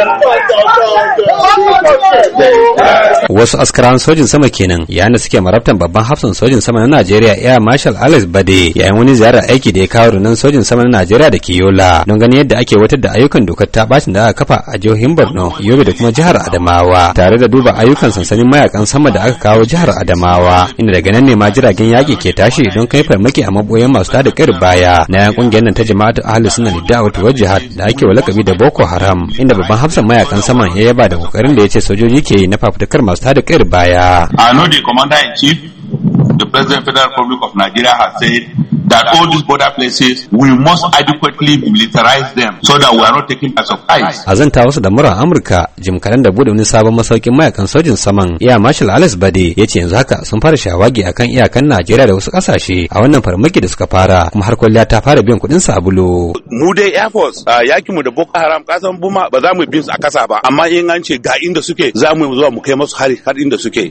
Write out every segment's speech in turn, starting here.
Fuck, fuck, fuck, fuck. wasu askaran sojin sama kenan yayin da suke marabtan babban hafsan sojin sama na Najeriya Air Marshal Alex Bade yayin wani ziyarar aiki da ya kawo runan sojin sama na Najeriya da ke Yola don ganin yadda ake watar da ayyukan dokar ta bacin da aka kafa a jihohin Borno Yobe da kuma jihar Adamawa tare da duba ayyukan sansanin mayakan sama da aka kawo jihar Adamawa inda daga nan ne ma jiragen yaƙi ke tashi don kai farmaki a maboyan masu tada kar baya na yan kungiyar nan ta jama'atu ahli sunna da da'watu jihar da ake walakabi da Boko Haram inda babban hafsan mayakan sama ya yaba da kokarin da ya ce ce sojoji ke na fafutukar masu tada kayar baya. I know the commander in chief, the president federal republic of Nigeria has said that all these border places we must adequately militarize them so that we are not taking by surprise. A zanta wasu da murar Amurka jim kaɗan da bude wani sabon masaukin mayakan sojin saman iya Marshal Alex Bade ya ce yanzu haka sun fara shawagi akan iyakan Najeriya da wasu kasashe. a wannan farmaki da suka fara kuma har kwalliya ta fara biyan kuɗin sabulu. Mu dai Air Force yakin mu da Boko Haram kasan buma ba za mu bin su a ƙasa ba amma in an ce ga inda suke za mu zuwa mu kai masu hari har inda suke.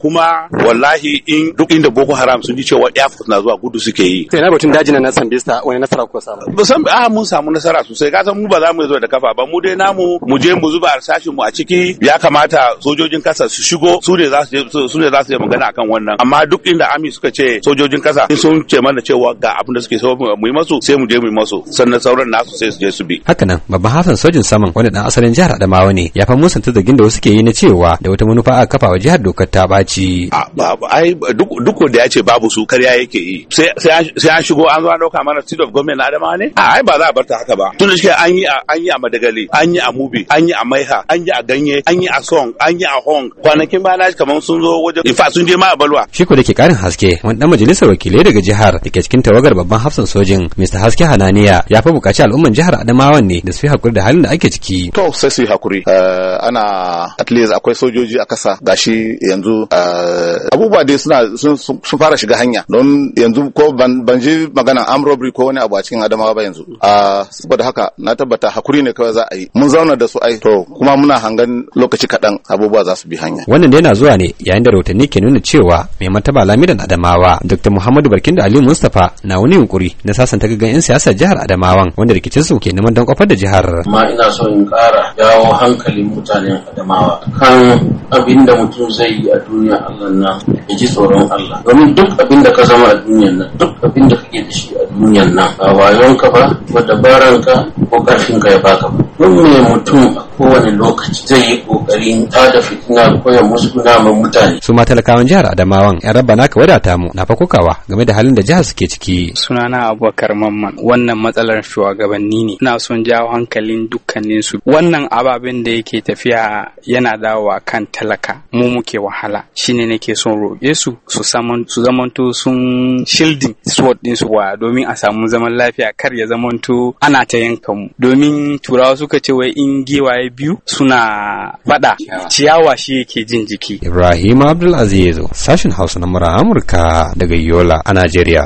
Kuma wallahi in duk inda Boko Haram sun ji cewa Air Force na zuwa gudu suke suke yi sai na batun dajina na bista wani nasara ko samu ba san a ah, mun samu nasara sosai ka san mu ba za mu zo da kafa ba mu dai namu mu je mu zuba harsashin mu a ciki ya kamata sojojin kasa su shigo su ne za su su ne za su yi magana akan wannan amma duk inda ami suka ce sojojin kasa sun ce mana cewa ga abin da suke so mu yi masu sai mu je mu yi masu sannan sauran nasu sai su je su bi hakanan babban hafan sojin saman wani dan asalin jihar Adamawa ne ya fa musanta zargin da wasu ke yi na cewa da wata manufa a kafa wa jihar dokar ta baci ah, ai duk da ya ce babu su karya yake yi sai sai an shigo an zo an ɗauka mana seat of government na adama ne a ai ba za a barta haka ba tun da shi an yi an yi a madagali an yi a mubi an yi a maiha an yi a ganye an yi a song an yi a hong kwanakin b'a na kamar sun zo wajen in fa sun je ma a balwa shi ko dake karin haske wani dan majalisar wakilai daga jihar dake cikin tawagar babban hafsan sojin Mr Haske Hananiya ya fa buƙaci al'umman jihar Adamawa ne da su yi hakuri da halin da ake ciki to sai su yi hakuri eh, ana at least akwai sojoji a kasa gashi yanzu eh, abubuwa dai suna sun fara shiga hanya don yanzu ko ban ji magana am robbery ko wani abu a cikin adamawa ba yanzu mm. a ah, saboda haka na tabbata hakuri ne kawai za a yi mun zauna da su ai to kuma muna hangan lokaci kaɗan abubuwa za su bi hanya wannan da yana zuwa ne yayin da rahotanni ke nuna cewa mai martaba lamidan adamawa dr muhammadu da ali mustapha na wani yunkuri na sasanta gaggan 'yan siyasa jihar adamawan wanda rikicin su ke neman don kofar da jihar amma ina so in ƙara jawo hankalin mutanen adamawa kan abin da mutum zai yi a duniya allah na ya ji tsoron allah domin duk abin da ka zama a duniyan nan duk abin da kake da shi a duniyan nan ba wayonka ba ko dabaranka ko karfinka ya baka ba don me mutum kowane lokaci zai yi kokarin tada fitina da musu musguna ma mutane. su ma talakawan jihar adamawan yan rabba naka wadata mu na fakokawa game da halin da jihar suke ciki. sunana abubakar mamman wannan matsalar shugabanni ne ina son jawo hankalin dukkanin su wannan ababen da yake tafiya yana dawowa kan talaka mu muke wahala shine nake son roƙe su su zamanto sun shildin sword din su wa domin a samu zaman lafiya kar ya zamanto ana ta yanka mu domin turawa suka ce wai in giwaye biyu suna fada ciyawa shi yake jin jiki ibrahim abdulaziz sashin hausa na mura amurka daga yola a najeriya